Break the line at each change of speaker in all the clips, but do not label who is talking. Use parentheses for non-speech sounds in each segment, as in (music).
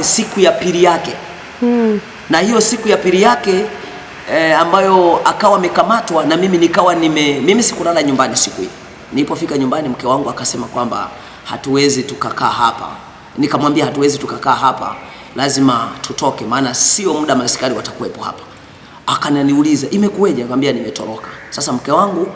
Siku ya pili yake hmm. Na hiyo siku ya pili yake eh, ambayo akawa amekamatwa na mimi nikawa nime, mimi sikulala nyumbani siku hiyo. Nilipofika nyumbani mke wangu akasema kwamba hatuwezi tukakaa hapa, nikamwambia hatuwezi tukakaa hapa, lazima tutoke, maana sio muda maskari watakuwepo hapa. Akananiuliza imekuweje? Akamwambia nimetoroka. Sasa mke wangu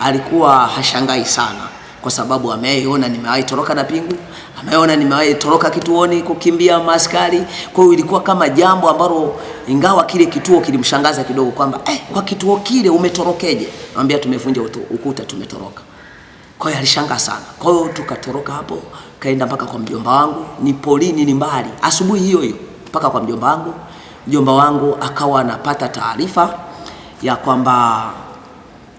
alikuwa hashangai sana kwa sababu ameiona nimewahi toroka na pingu, ameona nimewahi toroka kituoni kukimbia maskari Kwa hiyo ilikuwa kama jambo ambalo, ingawa kile kituo kilimshangaza kidogo kwamba eh, kwa kituo kile umetorokeje? Anambia tumevunja ukuta, tumetoroka. Kwa hiyo alishangaa sana. Kwa hiyo tukatoroka hapo, kaenda mpaka kwa mjomba wangu, ni polini, ni mbali. Asubuhi hiyo hiyo mpaka kwa mjomba wangu, mjomba wangu akawa anapata taarifa ya kwamba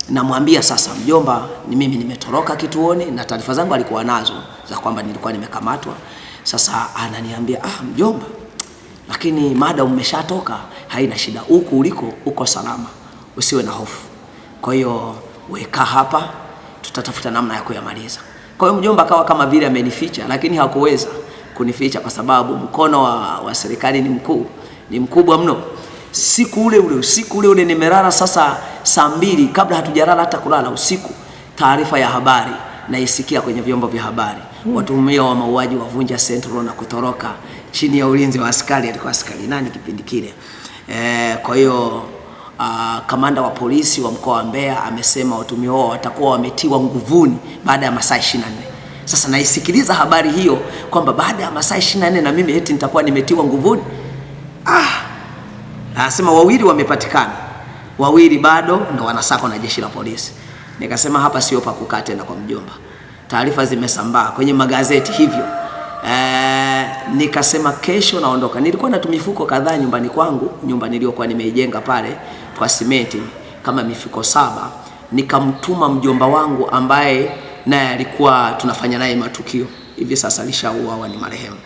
namwambia sasa, mjomba, ni mimi nimetoroka kituoni na taarifa zangu alikuwa nazo za kwamba nilikuwa nimekamatwa. Sasa ananiambia ah, mjomba, lakini mada umeshatoka, haina shida, huku uliko uko salama, usiwe na hofu. Kwa hiyo weka hapa, tutatafuta namna ya kuyamaliza. Kwa hiyo mjomba akawa kama vile amenificha, lakini hakuweza kunificha kwa sababu mkono wa, wa serikali ni mkuu, ni mkubwa mno. Siku ule ule usiku ule ule nimelala sasa saa mbili kabla hatujalala hata kulala usiku, taarifa ya habari naisikia kwenye vyombo vya habari hmm. Watumia wa mauaji wavunja Central na kutoroka chini ya ulinzi wa askari. Alikuwa askari nani kipindi kile? E, kwa hiyo Uh, kamanda wa polisi wa mkoa wa Mbeya amesema watumio wao watakuwa wametiwa nguvuni baada ya masaa 24. Sasa naisikiliza habari hiyo kwamba baada ya masaa 24 na mimi eti nitakuwa nimetiwa nguvuni. Ah, anasema wawili wamepatikana wawili bado ndo wanasakwa na jeshi la polisi. Nikasema hapa sio pa kukaa tena kwa mjomba, taarifa zimesambaa kwenye magazeti hivyo. E, nikasema kesho naondoka. Nilikuwa na tumifuko kadhaa nyumbani kwangu, nyumba niliyokuwa nimeijenga pale kwa simenti kama mifuko saba, nikamtuma mjomba wangu ambaye naye alikuwa tunafanya naye matukio hivi sasa, alishauawa ni marehemu,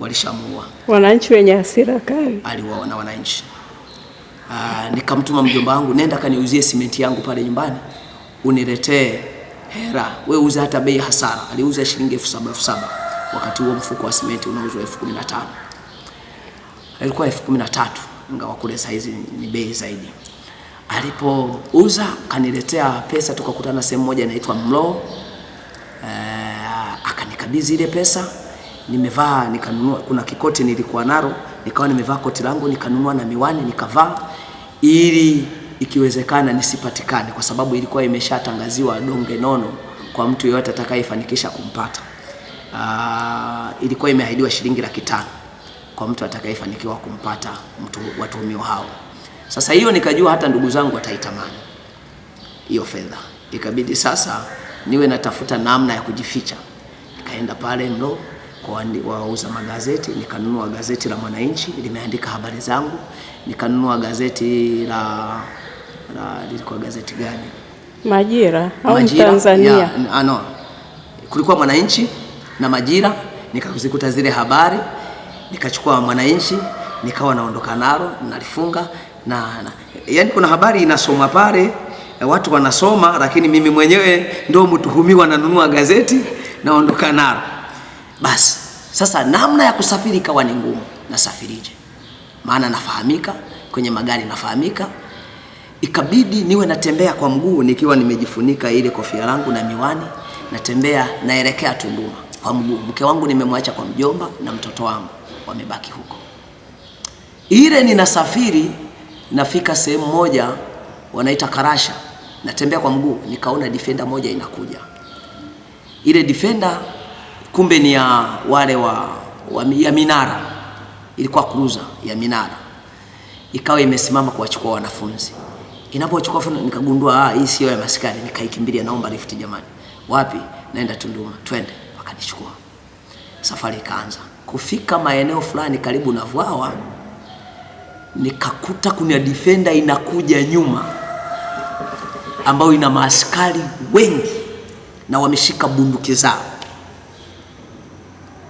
walishamuua.
Wananchi wenye hasira kali,
aliuawa na wananchi Ah, nikamtuma mjomba wangu, nenda kaniuzie simenti yangu pale nyumbani uniletee hera, we uza hata bei hasara. Aliuza shilingi elfu saba elfu saba wakati huo mfuko wa simenti unauzwa elfu kumi na tano elfu kumi na tatu ingawa kule saizi ni bei zaidi. Alipouza kaniletea pesa, tukakutana sehemu moja inaitwa Mlo. Uh, eh, akanikabidhi ile pesa, nimevaa nikanunua, kuna kikoti nilikuwa nalo nikawa nimevaa koti langu nikanunua na miwani nikavaa, ili ikiwezekana nisipatikane, kwa sababu ilikuwa imeshatangaziwa donge nono kwa mtu yeyote atakayefanikisha kumpata. Uh, ilikuwa imeahidiwa shilingi laki tano kwa mtu atakayefanikiwa kumpata mtu watuhumiwa hao. Sasa hiyo nikajua hata ndugu zangu wataitamani hiyo fedha, ikabidi sasa niwe natafuta namna ya kujificha. Nikaenda pale Mlo kwa wauza magazeti, nikanunua gazeti la Mwananchi limeandika habari zangu, nikanunua gazeti la, la lilikuwa gazeti gani?
Majira au Tanzania?
Ano, ah, kulikuwa Mwananchi na Majira, nikazikuta zile habari, nikachukua Mwananchi nikawa naondoka nalo nalifunga na, na yani, kuna habari inasoma pale eh, watu wanasoma, lakini mimi mwenyewe ndio mtuhumiwa, nanunua gazeti naondoka nalo. Basi sasa namna ya kusafiri ikawa ni ngumu, nasafirije? Maana nafahamika kwenye magari, nafahamika ikabidi niwe natembea kwa mguu nikiwa nimejifunika ile kofia langu na miwani, natembea naelekea Tunduma kwa mguu. Mke wangu nimemwacha kwa mjomba na mtoto wangu wamebaki huko. Ile ninasafiri nafika sehemu moja wanaita Karasha, natembea kwa mguu, nikaona defender moja inakuja. Ile defender kumbe ni ya wale wa, wa ya minara, ilikuwa kruza ya minara ikawa imesimama kuwachukua wanafunzi. Inapochukua nikagundua ah, hii sio ya maskani, nikaikimbilia, naomba lift jamani. Wapi? Naenda Tunduma, twende. Wakanichukua, safari ikaanza. Kufika maeneo fulani karibu na Vwawa, nikakuta kuna defender inakuja nyuma ambayo ina maaskari wengi na wameshika bunduki zao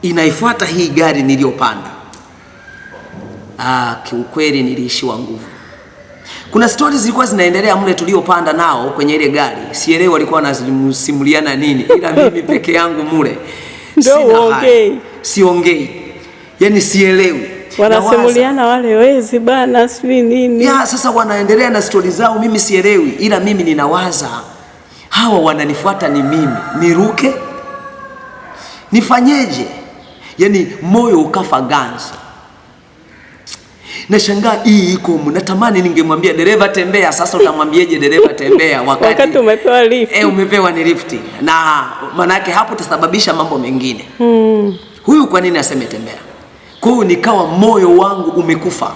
inaifuata hii gari niliyopanda. Ah, kiukweli niliishiwa nguvu. Kuna stori zilikuwa zinaendelea mle tuliopanda nao kwenye ile gari, sielewi walikuwa wanasimuliana nini, ila (laughs) mimi peke yangu mule
siongei,
siongei, yani sielewi
wanasimuliana wale wezi bana, sijui nini
ya sasa, wanaendelea na stori zao, mimi sielewi, ila mimi ninawaza hawa wananifuata ni mimi, niruke nifanyeje? yani moyo ukafa ganzi. Nashangaa hii iko mu, natamani ningemwambia dereva tembea. Sasa utamwambieje dereva tembea (laughs)
wakati, wakati umepewa lift?
Eh, umepewa ni lift, na yake hapo utasababisha mambo mengine hmm. Huyu kwa nini aseme tembea? Kwa hiyo nikawa moyo wangu umekufa,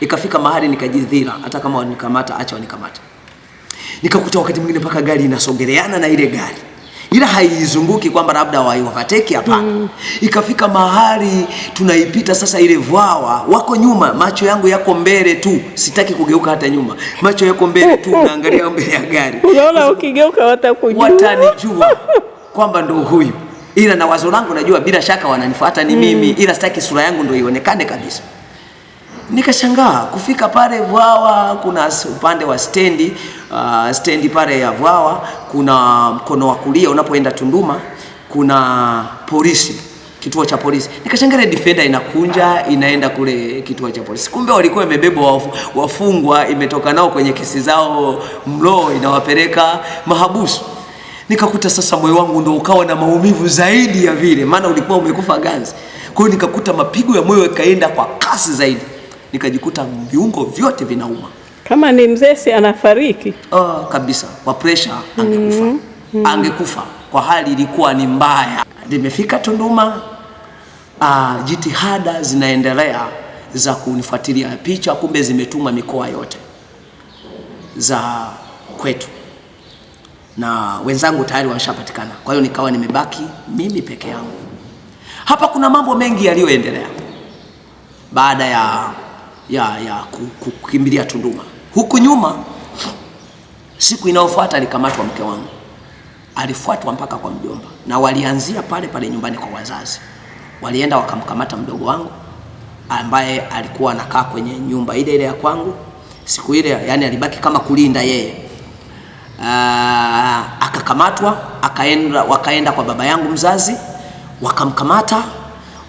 ikafika mahali nikajidhira, hata kama wanikamata, acha wanikamata. Nikakuta wakati mwingine mpaka gari inasogeleana na ile gari ila haizunguki kwamba labda waiwakateki, hapana. mm. Ikafika mahali tunaipita sasa ile vwawa, wako nyuma, macho yangu yako mbele tu, sitaki kugeuka hata nyuma, macho yako mbele tu, (laughs) naangalia mbele ya gari.
Unaona, ukigeuka watakujua,
watanijua (laughs) kwamba ndo huyu, ila na wazo langu najua bila shaka wananifuata ni mm. mimi, ila sitaki sura yangu ndo ionekane kabisa. Nikashangaa kufika pale vwawa, kuna upande wa stendi uh, ah, stendi pale ya Vwawa, kuna mkono wa kulia unapoenda Tunduma, kuna polisi kituo cha polisi. Nikashangaa ile defender inakunja inaenda kule kituo cha polisi, kumbe walikuwa imebebwa wafungwa, imetoka nao kwenye kesi zao mlo, inawapeleka mahabusu. Nikakuta sasa moyo wangu ndo ukawa na maumivu zaidi ya vile, maana ulikuwa umekufa ganzi. Kwa hiyo nikakuta mapigo ya moyo yakaenda kwa kasi zaidi, nikajikuta viungo vyote vinauma.
Kama ni mzee anafariki
oh, kabisa kwa pressure angekufa. mm -hmm. Angekufa kwa hali ilikuwa ni mbaya. Nimefika Tunduma, uh, jitihada zinaendelea za kunifuatilia picha, kumbe zimetuma mikoa yote za kwetu na wenzangu tayari washapatikana. Kwa hiyo nikawa nimebaki mimi peke yangu hapa. Kuna mambo mengi yaliyoendelea baada ya, ya, ya kukimbilia Tunduma. Huku nyuma, siku inayofuata alikamatwa mke wangu, alifuatwa mpaka kwa mjomba, na walianzia pale pale nyumbani kwa wazazi. Walienda wakamkamata mdogo wangu ambaye alikuwa anakaa kwenye nyumba ile ile ya kwangu siku ile, yani alibaki kama kulinda yeye. Aa, ah, akakamatwa akaenda, wakaenda kwa baba yangu mzazi wakamkamata,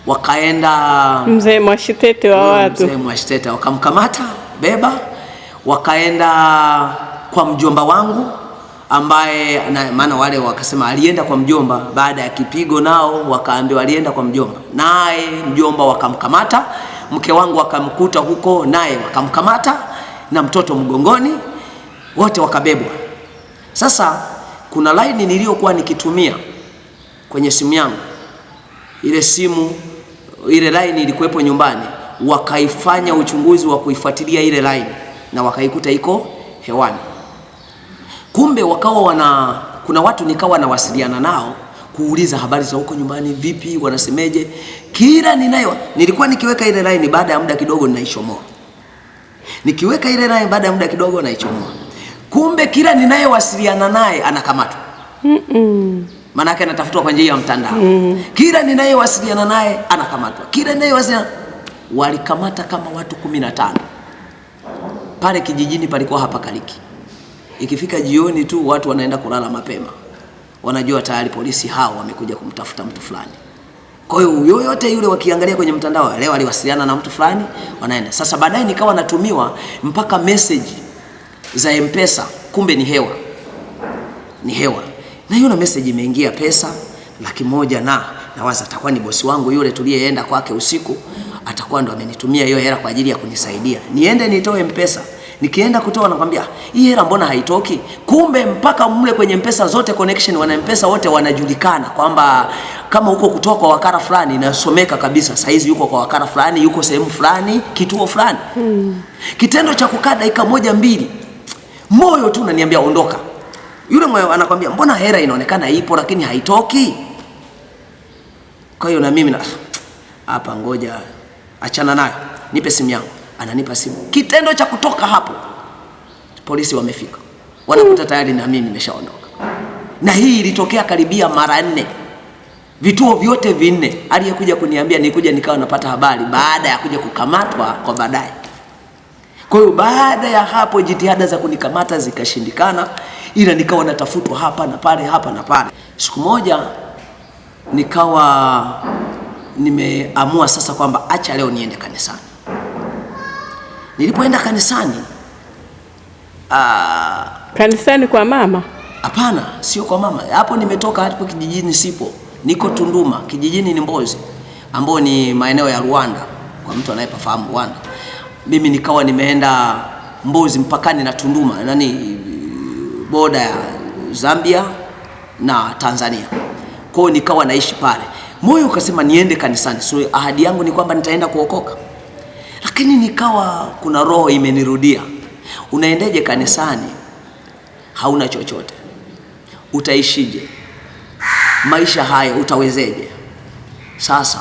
wakaenda
mzee Mwashitete wa mm, watu,
mzee Mwashitete wakamkamata beba wakaenda kwa mjomba wangu ambaye na maana wale wakasema alienda kwa mjomba baada ya kipigo, nao wakaambiwa alienda kwa mjomba, naye mjomba wakamkamata. Mke wangu wakamkuta huko, naye wakamkamata na mtoto mgongoni, wote wakabebwa. Sasa kuna laini niliyokuwa nikitumia kwenye simu yangu, ile simu ile laini ilikuwepo nyumbani, wakaifanya uchunguzi wa kuifuatilia ile laini na wakaikuta iko hewani. Kumbe wakawa wana kuna watu nikawa nawasiliana nao kuuliza habari za huko nyumbani, vipi, wanasemeje. Kila ninayo nilikuwa nikiweka ile line, baada ya muda kidogo ninaichomoa, nikiweka ile line, baada ya muda kidogo naichomoa. Kumbe kila ninayewasiliana naye anakamatwa
mm -mm.
anatafutwa kwa njia ya mtandao mm. Kila ninayewasiliana naye anakamatwa, kila ninayewasiliana walikamata kama watu kumi na tano pale kijijini palikuwa hapakaliki. Ikifika jioni tu watu wanaenda kulala mapema, wanajua tayari polisi hao wamekuja kumtafuta mtu fulani. Kwa hiyo yoyote yule wakiangalia kwenye mtandao, leo aliwasiliana na mtu fulani, wanaenda sasa. Baadaye nikawa natumiwa mpaka message za M-Pesa, kumbe ni hewa, ni hewa. Na yule message imeingia pesa laki moja na nawaza atakuwa ni bosi wangu yule tuliyeenda kwake usiku atakuwa ndo amenitumia hiyo hela kwa ajili ya kunisaidia. Niende nitoe Mpesa, nikienda kutoa wanakwambia hii hela mbona haitoki? Kumbe mpaka mle kwenye Mpesa zote connection wana Mpesa wote wanajulikana kwamba kama huko kutoka kwa wakala fulani inasomeka kabisa, saizi yuko kwa wakala fulani, yuko sehemu fulani, kituo fulani hmm. Kitendo cha kukaa dakika moja mbili, moyo tu unaniambia ondoka. Yule moyo anakwambia mbona hela inaonekana ipo lakini haitoki. Kwa hiyo na mimi na ah, hapa, ngoja achana nayo, nipe simu yangu. Ananipa simu. Kitendo cha kutoka hapo, polisi wamefika, wanakuta tayari na mimi nimeshaondoka. Na hii ilitokea karibia mara nne, vituo vyote vinne. Aliyekuja kuniambia nikuja nikawa napata habari baada ya kuja kukamatwa kwa baadaye. Kwa hiyo baada ya hapo jitihada za kunikamata zikashindikana, ila nikawa natafutwa hapa na pale, hapa na pale. Siku moja nikawa nimeamua sasa kwamba acha leo niende kanisani. Nilipoenda kanisani aa, ah,
kanisani kwa mama?
Hapana, sio kwa mama. Hapo nimetoka hapo kijijini, sipo, niko Tunduma, kijijini ni Mbozi, ambao ni maeneo ya Rwanda, kwa mtu anayepafahamu Rwanda. Mimi nikawa nimeenda Mbozi mpakani na Tunduma, nani boda ya Zambia na Tanzania, kwao nikawa naishi pale moyo ukasema niende kanisani, so ahadi yangu ni kwamba nitaenda kuokoka, lakini nikawa kuna roho imenirudia, unaendeje kanisani? Hauna chochote, utaishije? Maisha haya utawezeje? Sasa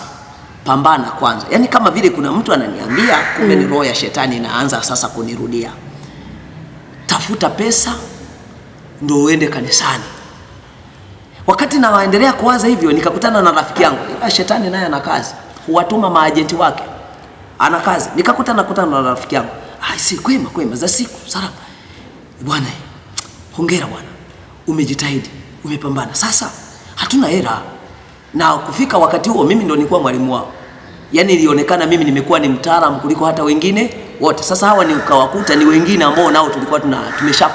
pambana kwanza. Yaani kama vile kuna mtu ananiambia, kumbe ni mm. roho ya shetani inaanza sasa kunirudia, tafuta pesa ndio uende kanisani. Wakati nawaendelea kuwaza hivyo, nikakutana na rafiki yangu eh, shetani, naye ana kazi, huwatuma maajenti wake, ana kazi. Nikakutana kutana na rafiki yangu, ai, ah, si kwema, kwema za siku salama bwana, hongera bwana, umejitahidi, umepambana. Sasa hatuna hela, na kufika wakati huo mimi ndo nilikuwa mwalimu wao, yaani ilionekana mimi nimekuwa ni mtaalamu kuliko hata wengine wote. Sasa hawa nikawakuta ni wengine ambao nao tulikuwa tuna tumeshafa